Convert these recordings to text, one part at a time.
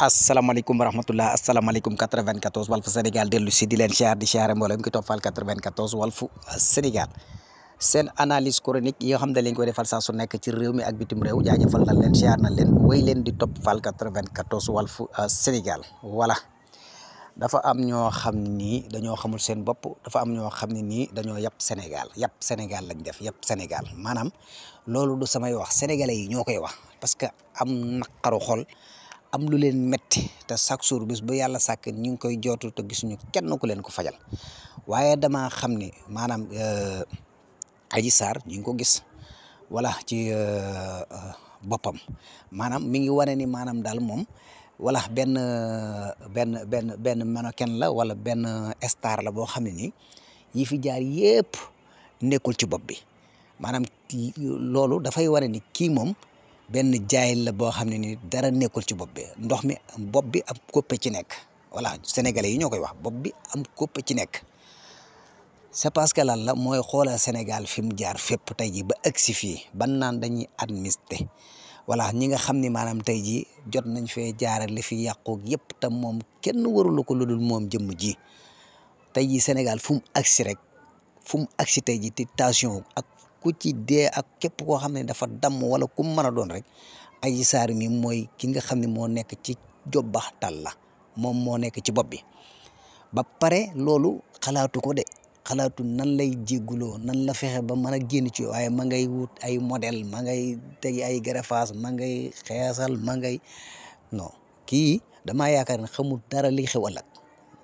asalaamaaleykum wa rahmatullah asalaamaaleykum 94 Walf Sénégal dellu si di leen siyaar di siyaare mboolem ki toppal 94 Walf Sénégal seen analyse chronique yi xam ne leen koy defal saa su nekk ci réew mi ak bitim réew jaajëfal na leen siyaar na leen wéy leen di toppal 94 Walf Sénégal voilà dafa am ñoo xam ni dañoo xamul seen bopp dafa am ñoo xam ne nii dañoo yàpp Sénégal yàpp Sénégal lañ def yàpp Sénégal maanaam loolu du samay wax sénégalais yi ñoo koy wax parce que am naqaru xol am lu leen metti te chaque jour bis bu yàlla sàkk ñu ngi koy jootu te gisuñu kenn ku leen ko fajal waaye dama xam ni maanaam euh, Adji Sarr ñu ngi ko gis wala ci euh, boppam maanaam mi ngi wane ni maanaam daal moom wala benn benn benn benn mannequin la wala benn star la boo xam ne nii yi fi jaar yépp nekkul ci bopp bi maanaam loolu dafay wane ni kii moom benn jaayil la boo xam ne ni dara nekkul ci bopp bi ndox mi bopp bi am koppe ci nekk voilà sénégalais yi ñoo koy wax bopp bi am koppe ci nekk c'est parce que lan la mooy xoolal Sénégal fi mu jaar fépp tey jii ba agsi fii ban naan dañuy administrer voilà ñi nga xam ni maanaam tey jii jot nañ fee jaarale li fi yàquog yëpp te moom kenn warula ko lu dul moom jëmm ji tey jii Sénégal fu mu agsi rek fu mu agsi tey jii te tension ak ku ci dee ak képp koo xam ne dafa damm wala ku mën a doon rek Adji Sarr mi mooy ki nga xam ne moo nekk ci jobbaxtal la moom moo nekk ci bopp bi ba pare loolu xalaatu ko de xalaatu nan lay jégguloo nan la fexe ba mën a génn ci waaye ma ngay wut ay modèle ma ngay teg ay garafaas ma ngay xeesal ma ngay kii damaa yaakaar ne xamul dara liy xew ëllëg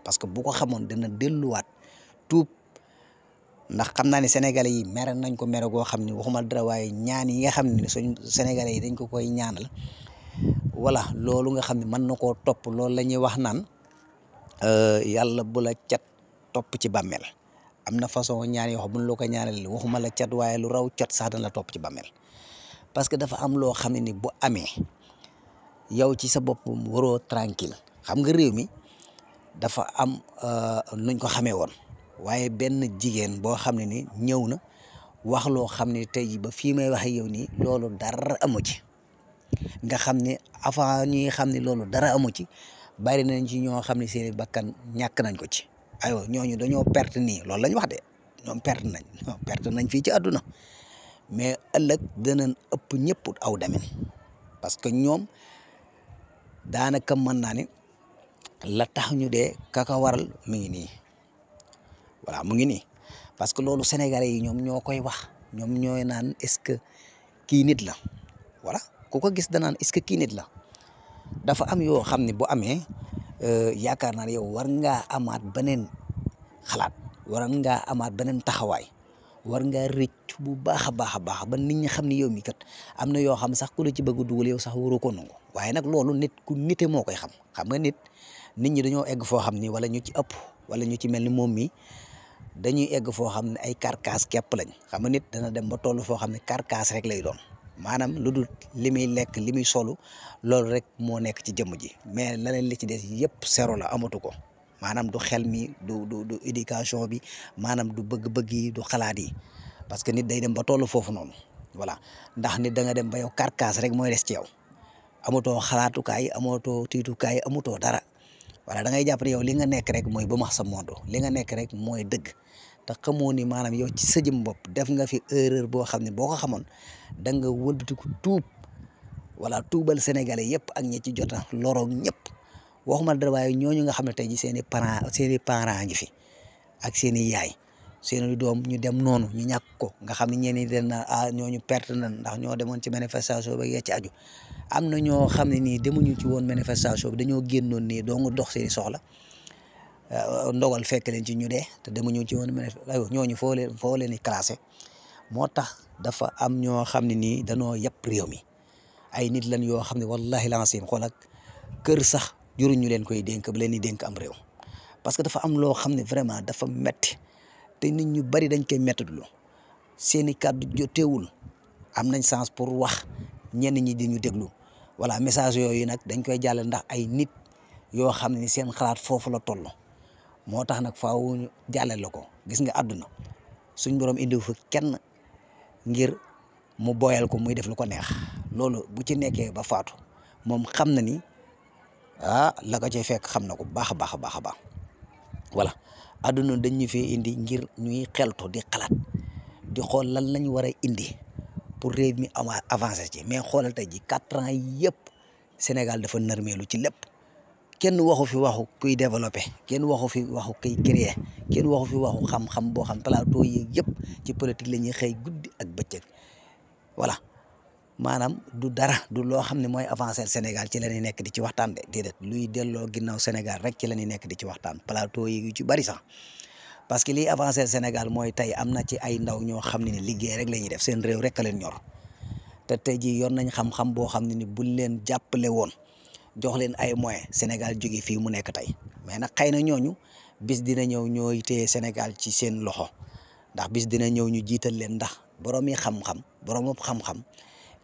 parce que bu ko delluwaat tuub ndax xam naa ne sénégalais yi mere nañ ko mere goo xam ne waxuma dara waaye ñaan yi nga xam ne suñ sénégalais yi dañ ko koy ñaanal voilà loolu nga xam ne mën na koo topp loolu la ñuy wax naan euh, yàlla bu la cat topp ci bàmmeel am na façon ñaan yoo xam bu ñu la ko ñaanal waxuma la cat waaye lu raw cat sax dana la topp ci bàmmeel parce que dafa am loo xam ne ni bu amee yow ci sa bopp waroo tranquille xam nga réew mi dafa am euh, nuñ ko xamee woon waaye benn jigéen boo xam ne ni ñëw na wax loo xam ne tey ba fii may wax yow nii loolu dara amu ci nga xam ne avant ñuy xam ne loolu dara amu ci bari nañ ci ñoo xam ne seeni bakkan ñàkk nañ ko ci aywa ñooñu dañoo perte nii loolu lañ wax de ñoom perte nañ perte nañ fii ci àdduna mais ëllëg dana ëpp ñëpp aw demin parce que ñoom daanaka mën naa ne la tax ñu de kaka waral mi ngi nii voilà mu ngi nii parce que loolu sénégalais yi ñoom ñoo koy wax ñoom ñoo naan est-ce que kii nit la voilà ku ko gis danaan est-ce que kii nit la dafa am yoo xam ne bu amee euh, yaakaar naa ne yow war ngaa amaat beneen xalaat war ngaa amaat beneen taxawaay war ngaa rëcc bu baax a baax a baax ba nit ñi xam ne yow mi kat am na yoo xam sax ku la ci bëgg dugal yow sax waroo ko nangu waaye nag loolu nit ku nite moo koy xam xam nga nit nit ñi dañoo egg foo xam ni wala ñu ci ëpp wala ñu ci mel ni moom mi dañuy egg foo xam ne ay carcasse képp lañ xam nga nit dana dem ba toll foo xam ne carcasse rek lay doon maanaam lu dul li muy lekk li muy solu loolu rek moo nekk ci jëmm ji mais leneen li ci des yëpp sero la amatu ko maanaam du xel mi du du du éducation bi maanaam du bëgg-bëgg yi du xalaat yi parce que nit day dem ba toll foofu noonu voilà ndax nit da nga dem ba yow carcasse rek mooy des ci yow amatoo xalaatukaay amatoo tiitukaay amatoo dara voilà da ngay jàpp ne yow li nga nekk rek mooy ba max sa monde li nga nekk rek mooy dëgg te xamoo ni maanaam yow ci sa jëm bopp def nga fi erreur boo xam ne boo ko xamoon da nga wëlbatiku tuub voilà tuubal sénégalais yëpp ak ñi ci jot a loroog ñëpp waxuma dara waaye ñooñu nga xam ne tey ji seen i parents seen i parents ngi fi ak seen i yaay seeni doom ñu dem noonu ñu ñàkk ko nga xam ne ñenn ñi na naan ah ñooñu perte nañ ndax ñoo demoon ci manifestation ba yee ci aju am na ñoo xam ne nii demuñu ci woon manifestation bi dañoo génnoon nii doo nga dox seeni soxla ah, ndogal fekk leen ci ñu dee te demuñu ci woon manifestation ñooñu foo leen foo leen di classé moo tax dafa am ñoo xam ne nii danoo yàpp réew mi ay nit lan yoo xam ne wallahi lancim xool ak kër sax juruñu leen koy dénk ba leen di dénk am réew parce que dafa am loo xam ne vraiment dafa metti te nit ñu bari dañ koy méttitlu seeni kàddu joteewul am nañ chance pour wax ñenn ñi di ñu déglu voilà message yooyu nag dañ koy jàllale ndax ay nit yoo xam ne seen xalaat foofu la toll moo tax nag faaw ñu jàllale la ko gis nga àdduna suñ borom indiw fa kenn ngir mu boyal ko muy def lu ko neex loolu bu ci nekkee ba faatu moom xam na ni ah la ko cay fekk xam na ko baax a baax a baax a baax. voilà àdduna dañ ñu fee indi ngir ñuy xelto di xalaat di xool lan lañ war a indi pour réew mi avancé ci mais xoolal tey ji quatre ans yëpp Sénégal dafa nërmeelu ci lépp kenn waxu fi waxu kuy développé kenn waxu fi waxu kuy créer kenn waxu fi waxu xam-xam boo xam talaatoo yeeg yëpp ci politique la ñuy xëy guddi ak bëccëg voilà maanaam du dara du loo xam ne mooy avancer Sénégal ci la ñuy nekk di ci waxtaan de déedéet luy delloo ginnaw Sénégal rek ci la ñuy nekk di ci waxtaan plateau yi yu ci bari sax parce que liy avancer Sénégal mooy tey am na ci ay ndaw ñoo xam ne ni liggéey rek la ñuy def seen réew rek a leen ñor te tey jii yor nañ xam-xam boo xam ne ni buñ leen jàppale woon jox leen ay moyens Sénégal jóge fii mu nekk tey mais nag xëy na ñooñu bis dina ñëw ñooy téye Sénégal ci seen loxo ndax bis dina ñëw ñu jiital leen ndax boroomi xam-xam boroomu xam-xam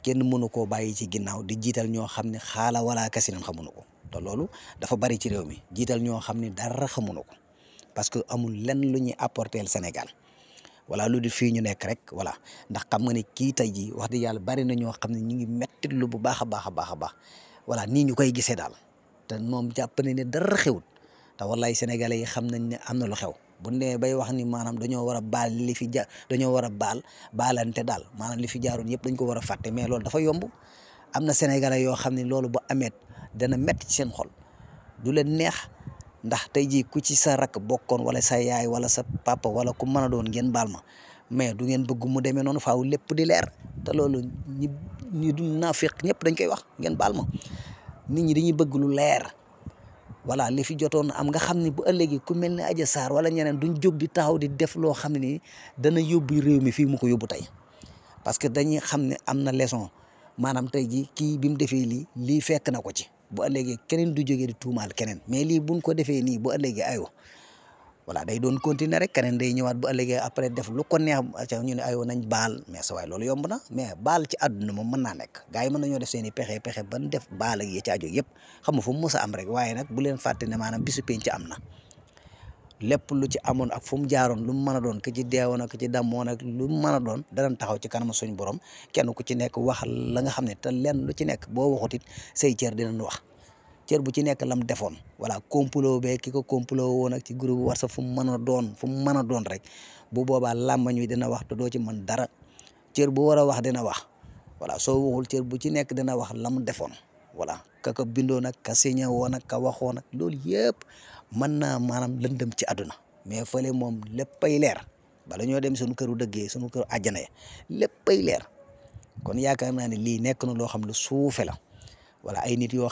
kenn mënu koo bàyyi ci ginnaaw di jiital ñoo xam ne xaala wala kasiran xamuñu ko te loolu dafa bari ci réew mi jiital ñoo xam ne dara xamuñu ko parce que amul lenn lu ñuy apporter Sénégal voilà lu di fii ñu nekk rek voilà ndax xam nga ne kii tey jii wax dëgg yàlla bari na ñoo xam ne ñu ngi mettit lu bu baax a baax a baax a baax nii ñu koy gisee daal te moom jàpp na ne dara xewut te wallaay sénégalais yi xam nañ ne am na lu xew. bu nee bay wax ni maanaam dañoo war a baal li fi ja dañoo war a baal baalante daal maanaam li fi jaaroon yëpp dañ ko war a fàtte mais loolu dafa yomb am na sénégalais yoo xam ne loolu bu ameet dana metti ci seen xol du leen neex ndax tey jii ku ci sa rakk bokkoon wala sa yaay wala sa papa wala ku mën a doon ngeen baal ma mais du ngeen bëgg mu demee noonu faaw lépp di leer te loolu ñi ñi du naafiq ñëpp dañ koy wax ngeen baal ma nit ñi dañuy bëgg lu leer. voilà li fi jotoon am nga xam ni bu ëllëgee ku mel ne Adji Sarr wala ñeneen duñ jóg di taxaw di def loo xam ni dana yóbbu réew mi fii mu ko yóbbu tey parce que dañuy xam ne am na leçon maanaam tey jii kii bi mu defee lii lii fekk na ko ci bu ëllëgee keneen du jógee di tuumaal keneen mais lii buñ ko defee nii bu ëllëgee aywa voilà day doon continuer rek keneen day ñëwaat bu ëllëgee après def lu ko neex ca ñu ne ayoo nañ baal mais sa loolu yomb na mais baal ci àdduna moom mën naa nekk gars yi mën nañoo def seen i pexe pexe ban def baal ak yi ci ajo yëpp xam nga fu mu mës a am rek waaye nag bu leen fàtte ne maanaam bisu penc ci am na lépp lu ci amoon ak fu mu jaaroon lu mu mën a doon ki ci deewoon ak ki ci dammoon ak lu mën a doon danañ taxaw ci kanam suñu borom kenn ku ci nekk waxal la nga xam ne te leen lu ci nekk boo waxut sey say cër dinañ wax cër bu ci nekk lam defoon voilà complot bee ki ko complot woon ak ci groupe WhatsApp fu mu mën a doon fu mu mën a doon rek bu boobaa làmmañ wi dina wax te doo ci mën dara cër bu war a wax dina wax voilà soo waxul cër bu ci nekk dina wax lam defoon voilà ka bindoo nag ak ka signé woon ak ka waxoon ak loolu yëpp mën naa maanaam lëndëm ci àdduna mais fële moom léppay leer bala ñoo dem suñu këru dëggee suñu këru àjjana ya léppay leer kon yaakaar naa ne lii nekk na loo xam suufe la